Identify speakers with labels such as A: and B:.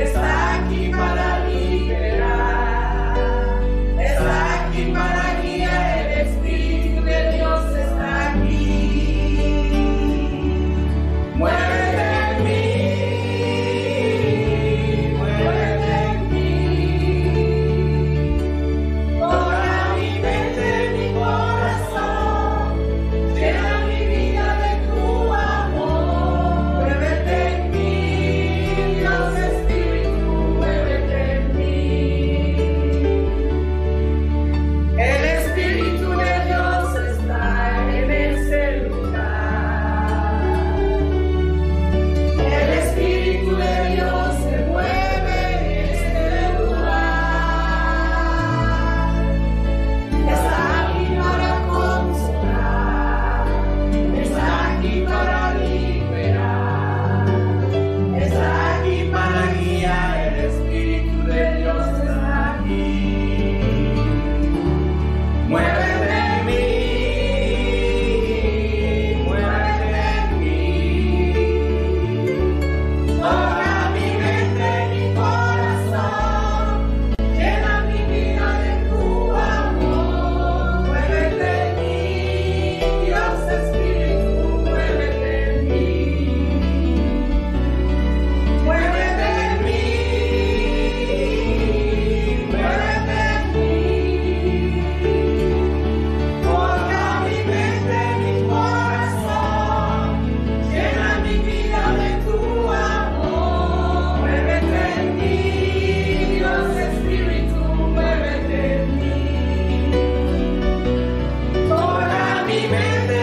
A: It's that. Amen.